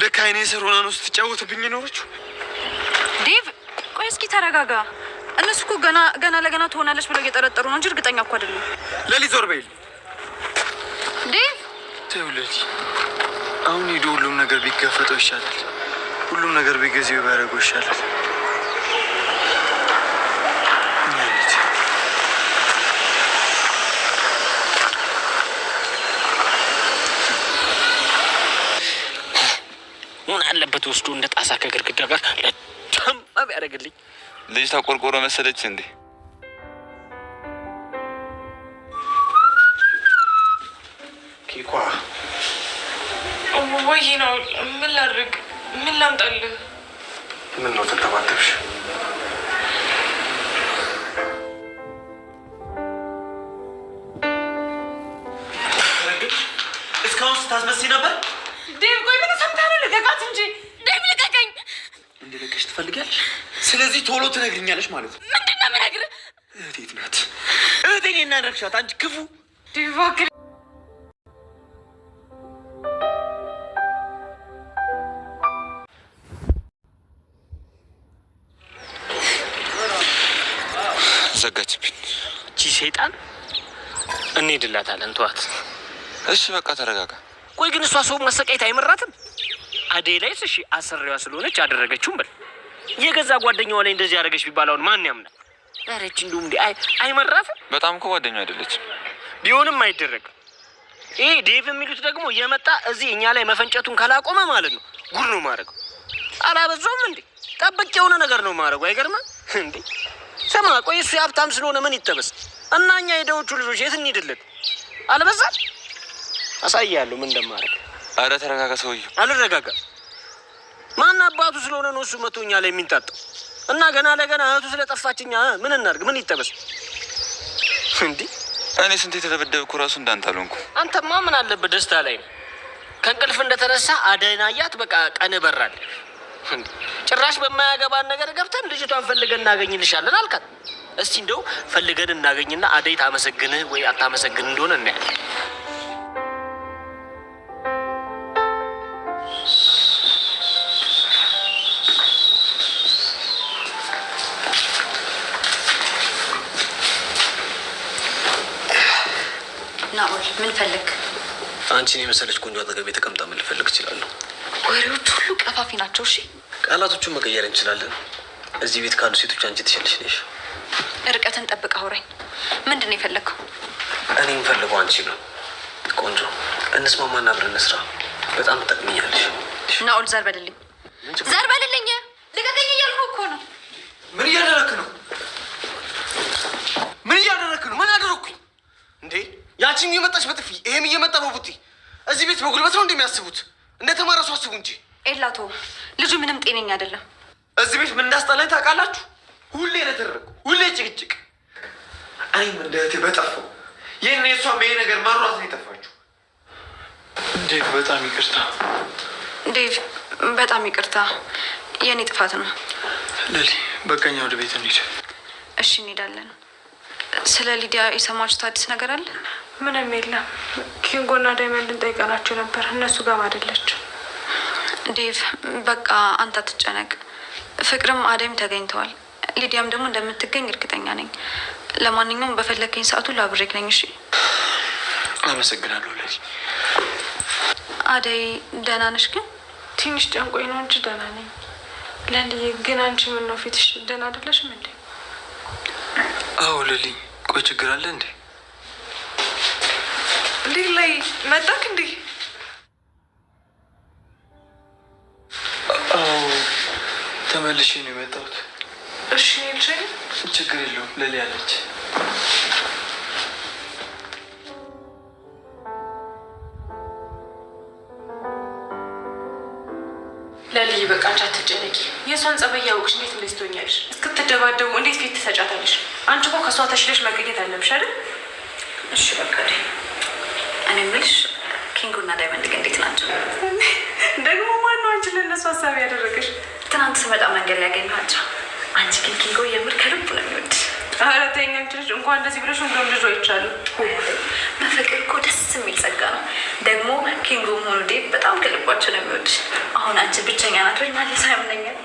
ለካ አይኔ ስር ሆና ነው ስትጫወትብኝ የኖረችው። ዴቭ ቆይ እስኪ ተረጋጋ። እነሱ እኮ ገና ገና ለገና ትሆናለች ብለው እየጠረጠሩ ነው እንጂ እርግጠኛ እኮ አይደለም። ለሊ ዞር በይል ዴቭ። ተው ለሊ፣ አሁን ሄዶ ሁሉም ነገር ቢጋፈጠው ይሻላል። ሁሉም ነገር ቢገዜው ባደረገው ይሻላል። ወስዶ እንደ ጣሳ ከግርግዳ ጋር ለደማ ቢያደርግልኝ። ልጅቷ ቆርቆሮ መሰለች እንዴ? ኪኳ ወይ ነው። ምን ላድርግ? ምን ላምጣልህ? ምን ነው ተንተባተብሽ? እስካሁን ስታስመስይ ነበር ዴቭ። ቆይ ምን ሰምተህ ነው? ልቀቃት እንጂ እንድለቅሽ ትፈልጊያለሽ። ስለዚህ ቶሎ ትነግርኛለሽ ማለት ነው። ምንድን ነው የምነግርህ? እህቴት ናት። እህቴን እናደርግሻት አንቺ ክፉ ዘጋችብኝ። እቺ ሰይጣን እንሄድላታለን። ተዋት እሺ፣ በቃ ተረጋጋ። ቆይ ግን እሷ ሰው መሰቃየት አይመራትም። አደይ ላይ ስሺ አሰሪዋ ስለሆነች አደረገችውም በል የገዛ ጓደኛዋ ላይ እንደዚህ ያደረገች ቢባል አሁን ማን ያምናል? ረች እንዲሁም እንዲ አይመራትም። በጣም እኮ ጓደኛ አይደለችም። ቢሆንም አይደረግም። ይሄ ዴቭ የሚሉት ደግሞ የመጣ እዚህ እኛ ላይ መፈንጨቱን ካላቆመ ማለት ነው ጉድ ነው ማድረገው። አላበዛውም እንዴ? ጠብቅ የሆነ ነገር ነው ማድረጉ። አይገርምም እንዴ? ስማ ቆይ እሱ የሀብታም ስለሆነ ምን ይጠበስ እና እኛ የደዎቹ ልጆች የት እንሂድለት? አልበዛም። አሳያለሁ ምን እንደማደርግ አረ ተረጋጋ ሰውዬው። አልረጋጋ ማን አባቱ ስለሆነ ነው እሱ መቶኛ ላይ የሚንጣጣው? እና ገና ለገና እህቱ ስለጠፋችኛ ምን እናድርግ? ምን ይጠበስ እንዲህ እኔ ስንት የተደበደብኩ ራሱ እንዳንተ አልሆንኩም። አንተማ ምን አለበት ደስታ ላይ ነው። ከእንቅልፍ እንደተነሳ አደናያት በቃ ቀን በራል። ጭራሽ በማያገባን ነገር ገብተን ልጅቷን ፈልገን እናገኝልሻለን አልካት። እስቲ እንደው ፈልገን እናገኝና አደይ ታመሰግንህ ወይ አታመሰግን እንደሆነ እናያለን። ናኦል ምን ፈለግ? አንቺን የመሰለች ቆንጆ አጠገቤ ተቀምጣ ምን ልፈልግ እችላለሁ? ወሬዎች ሁሉ ቀፋፊ ናቸው። እሺ ቃላቶቹን መቀየር እንችላለን። እዚህ ቤት ካሉ ሴቶች አንቺ ትችልሽ ነሽ። ርቀትን ጠብቅ አውራኝ። ምንድን ነው የፈለግከው? እኔ የምፈልገው አንቺ ነው ቆንጆ። እንስማማና አብረን እንስራ። በጣም ትጠቅምኛለሽ። ናኦል ዘር በልልኝ፣ ዘር በልልኝ፣ ልቀቀኝ እያልኩ እኮ ነው። ምን እያደረክ ነው? ምን እያደረክ ነው? ምን አደረኩኝ እንዴ? ያቺም እየመጣች በጥፊ ይሄም እየመጣ በቡቲ እዚህ ቤት በጉልበት ነው እንደሚያስቡት እንደተማረ ሰው አስቡ እንጂ ኤላቶ ልጁ ምንም ጤነኛ አይደለም። እዚህ ቤት ምን እንዳስጠላኝ ታውቃላችሁ? ሁሌ ነተረቁ፣ ሁሌ ጭቅጭቅ። እኔም እንደ እህቴ በጠፋው ይህን የእሷም ይሄ ነገር መሯት ነው የጠፋችሁ። ዴቭ በጣም ይቅርታ። ዴቭ በጣም ይቅርታ፣ የእኔ ጥፋት ነው። ለሊ በቀኛ ወደ ቤት እንሂድ። እሺ እንሄዳለን። ስለ ሊዲያ የሰማችሁት አዲስ ነገር አለ? ምንም የለም። ኪንጎና ዳይመንድ እንጠይቀናቸው ነበር፣ እነሱ ጋር አይደለች። ዴቭ በቃ አንተ አትጨነቅ። ፍቅርም አደይም ተገኝተዋል። ሊዲያም ደግሞ እንደምትገኝ እርግጠኛ ነኝ። ለማንኛውም በፈለከኝ ሰዓቱ ላብሬክ ነኝ። እሺ፣ አመሰግናለሁ። ለዚ አደይ ደህና ነሽ? ግን ትንሽ ጨንቆኝ ነው እንጂ ደህና ነኝ። ለልዬ ግን አንቺ ምን ነው ፊትሽ ደህና አይደለሽም እንዴ? አዎ ልልኝ። ቆይ ችግር አለ እንዴ? መጣክ እንዴ? አዎ ተመልሼ ነው የመጣሁት። እሺ ልሸኝ። ችግር የለውም ለሌ አለች። ለልይ በቃ አትጨነቂ። የእሷን ጸባይ እያወቅሽ እንዴት እንደዚህ ትሆኛለሽ? እስክትደባደቡ እንዴት ፊት ትሰጫታለሽ? አንቺ እኮ ከእሷ ተሽለሽ መገኘት አለብሽ አይደል? እሺ በቃ እኔ የምልሽ ኪንጉ ዳይመንድ ግን እንዴት ናቸው? ደግሞ ማነው አንቺ ለእነሱ ሀሳብ ያደረገሽ? ትናንት ስመጣ መንገድ ላይ ያገኘኋቸው። አንቺ ግን ኪንጎ የምር ከልቡ ነው የሚወድሽ። አረተኛ ልጅ እንኳን እንደዚህ ብለሽ እንደውም ልጆ ይቻሉ። በፍቅር እኮ ደስ የሚል ጸጋ ነው። ደግሞ ኪንጎ መሆኑ ዴ በጣም ከልባቸው ነው የሚወድ። አሁን አንቺ ብቸኛ ናት ወይ ማለት ሳይሆነኛል።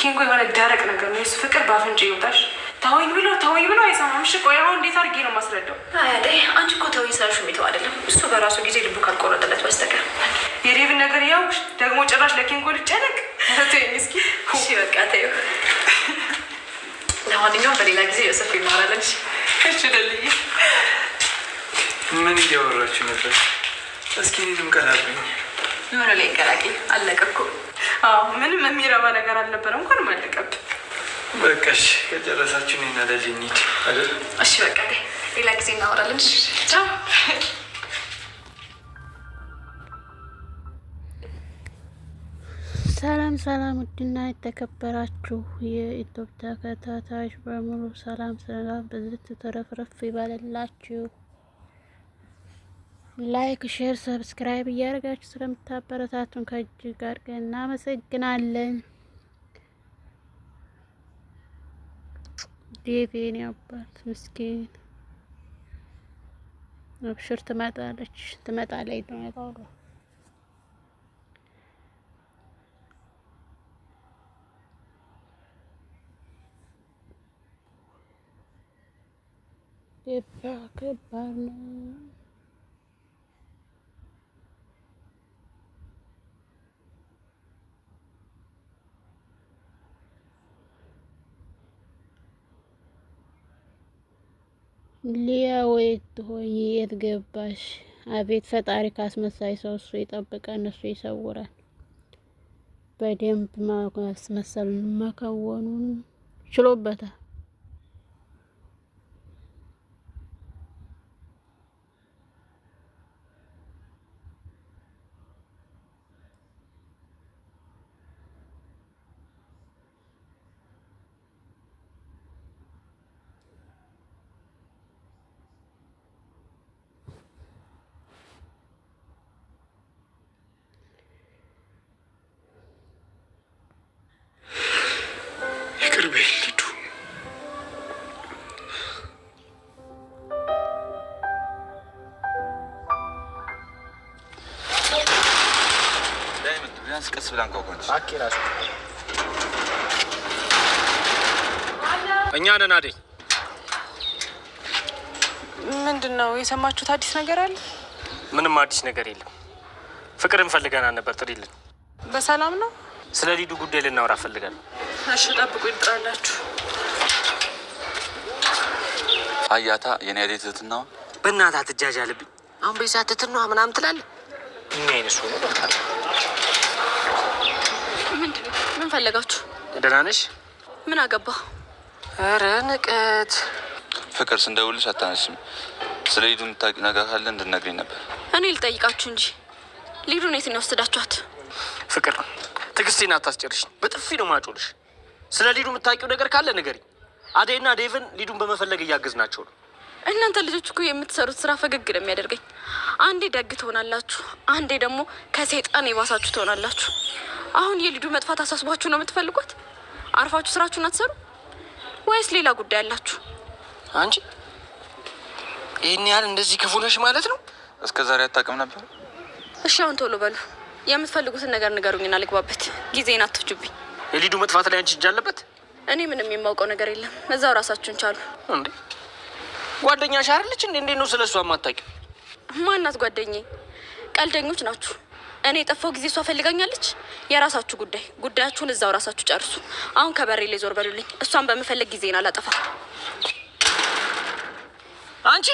ኪንጎ የሆነ ደረቅ ነገር ነው። የሱ ፍቅር በአፍንጭ ይወጣሽ ተወኝ ብሎ ተወኝ ብሎ አይሰማም። እሺ ቆይ አሁን እንዴት አድርጌ ነው ማስረዳው? አያጤ አንቺ እኮ ተወኝ ስራሽ የሚተው አይደለም እሱ በራሱ ጊዜ ልቡ ካልቆረጠለት በስተቀር የዴቭን ነገር ያው ደግሞ ጭራሽ ለኬንኮ ልጨነቅ ተወኝ እስኪ እሺ በቃ ተዩ። ለማንኛውም በሌላ ጊዜ ዮሴፍ ይማራለች። እሺ ደልይ። ምን እያወራችሁ ነበር? እስኪ እኔንም ቀላቅኝ። ምን ላይ ቀላቅኝ? አለቀኩ። አዎ ምንም የሚረባ ነገር አልነበረ እንኳን አለቀብ በቃሽ፣ እሺ፣ ከጨረሳችሁ አይደል? እሺ፣ በቃ ሌላ ጊዜ እናወራለን። ቻው። ሰላም ሰላም፣ ውድና የተከበራችሁ የኢትዮጵያ ተከታታዮች በሙሉ ሰላም ሰላም፣ በዝት ተረፍረፍ ይባልላችሁ። ላይክ፣ ሼር፣ ሰብስክራይብ እያደረጋችሁ ስለምታበረታቱን ከእጅግ አድርገን እናመሰግናለን። ዴቬን ያባት ምስኪን አብሽር ትመጣለች ትመጣለች ትመጣሉ ገባ ገባ ነው ሊያ ወይት ሆይ የት ገባሽ? አቤት ፈጣሪ ካስመሳይ ሰው እሱ ይጠብቀን፣ እሱ ይሰውራል። በደንብ ማስመሰሉን መከወኑን ችሎበታል። ቅርብ ልዱ ቢያንስ ቀስ ብላን እኛ ነን። አደይ ምንድን ነው የሰማችሁት? አዲስ ነገር አለ? ምንም አዲስ ነገር የለም። ፍቅርን ፈልገናል ነበር፣ ጥሪልን። በሰላም ነው። ስለ ሊዱ ጉዳይ ልናወራ ፈልጋለን። እሺ ጠብቁ ይጥራላችሁ። አያታ የኔ አዴት ትትና በእናታ ትጃጅ አለብኝ አሁን በዛ ምናምን ትላለ አይነሱ ምን ፈለጋችሁ? ደህና ነሽ? ምን አገባ? ኧረ ንቀት ፍቅር ስንደውልሽ አታነሽም። ስለ ሊዱ የምታውቂ ነገር ካለ ነበር። እኔ ልጠይቃችሁ እንጂ ሊዱን የት ነው የወሰዳችኋት? ፍቅር ትዕግስቴን በጥፊ ነው ማጮልሽ። ስለ ሊዱ የምታውቂው ነገር ካለ ንገሪኝ። አዴና ዴቭን ሊዱን በመፈለግ ናቸው ነው። እናንተ ልጆች እኮ የምትሰሩት ስራ ፈገግ ነው የሚያደርገኝ። አንዴ ደግ ትሆናላችሁ፣ አንዴ ደግሞ ከሰይጣን የባሳችሁ ትሆናላችሁ። አሁን የሊዱ መጥፋት አሳስቧችሁ ነው የምትፈልጓት? አርፋችሁ ስራችሁን አትሰሩ ወይስ ሌላ ጉዳይ አላችሁ? አንቺ ይህን ያህል እንደዚህ ክፉ ነሽ ማለት ነው? እስከ ዛሬ አታውቅም ነበር። እሺ አሁን ቶሎ በሉ የምትፈልጉትን ነገር ንገሩኝና ልግባበት። ጊዜን አትፍጁብኝ። የሊዱ መጥፋት ላይ አንቺ እጅ አለበት? እኔ ምንም የማውቀው ነገር የለም። እዛው ራሳችሁን ቻሉ። እንዴ ጓደኛ ሻርልች እንዴ እንዴ ነው ስለ እሷ የማታውቂው? ማናት ቀልደኞች ናችሁ። እኔ የጠፋው ጊዜ እሷ ፈልጋኛለች። የራሳችሁ ጉዳይ፣ ጉዳያችሁን እዛው ራሳችሁ ጨርሱ። አሁን ከበሬ ላይ ዞር በሉልኝ። እሷን በምፈልግ ጊዜን አላጠፋ። አንቺ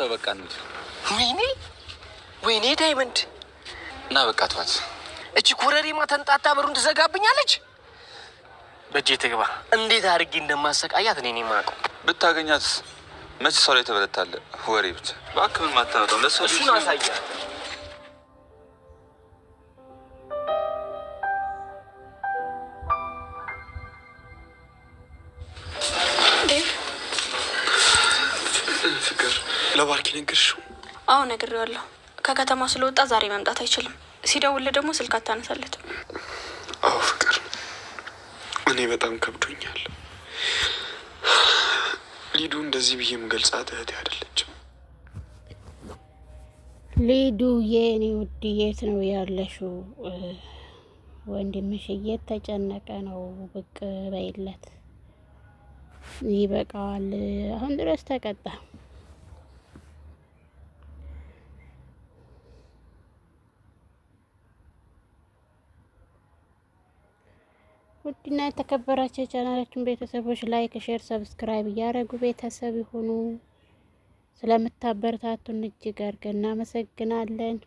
ተበቃ። ወይኔ ወይኔ፣ ዳይመንድ እና በቃ ተዋት። እቺ ኮረሪማ ተንጣጣ በሩን ትዘጋብኛለች። በእጄ ትግባ። እንዴት አድርጌ እንደማሰቃያት እኔ የማውቀው። ብታገኛት መች ሰው ላይ ተበለታለ። ወሬ ብቻ እባክህ። ምን ማታመጣው ለሰው እሱን አሳያ ፍቅር ለባርኪ ነገርሽው? አዎ ነግሬዋለሁ። ከከተማ ስለወጣ ዛሬ መምጣት አይችልም። ሲደውል ደግሞ ስልክ አታነሳለት። አዎ ፍቅር፣ እኔ በጣም ከብዶኛል። ሊዱ እንደዚህ ብዬ የምገልጻት እህቴ አይደለችም። ሊዱ የኔ ውድ የት ነው ያለሽው? ወንድምሽ እየተጨነቀ ነው። ብቅ በይለት፣ ይበቃዋል። አሁን ድረስ ተቀጣ። ውድና የተከበራቸው የቻናላችን ቤተሰቦች ላይክ፣ ሼር፣ ሰብስክራይብ እያደረጉ ቤተሰብ ይሁኑ። ስለምታበረታቱን እጅግ አድርገን እናመሰግናለን።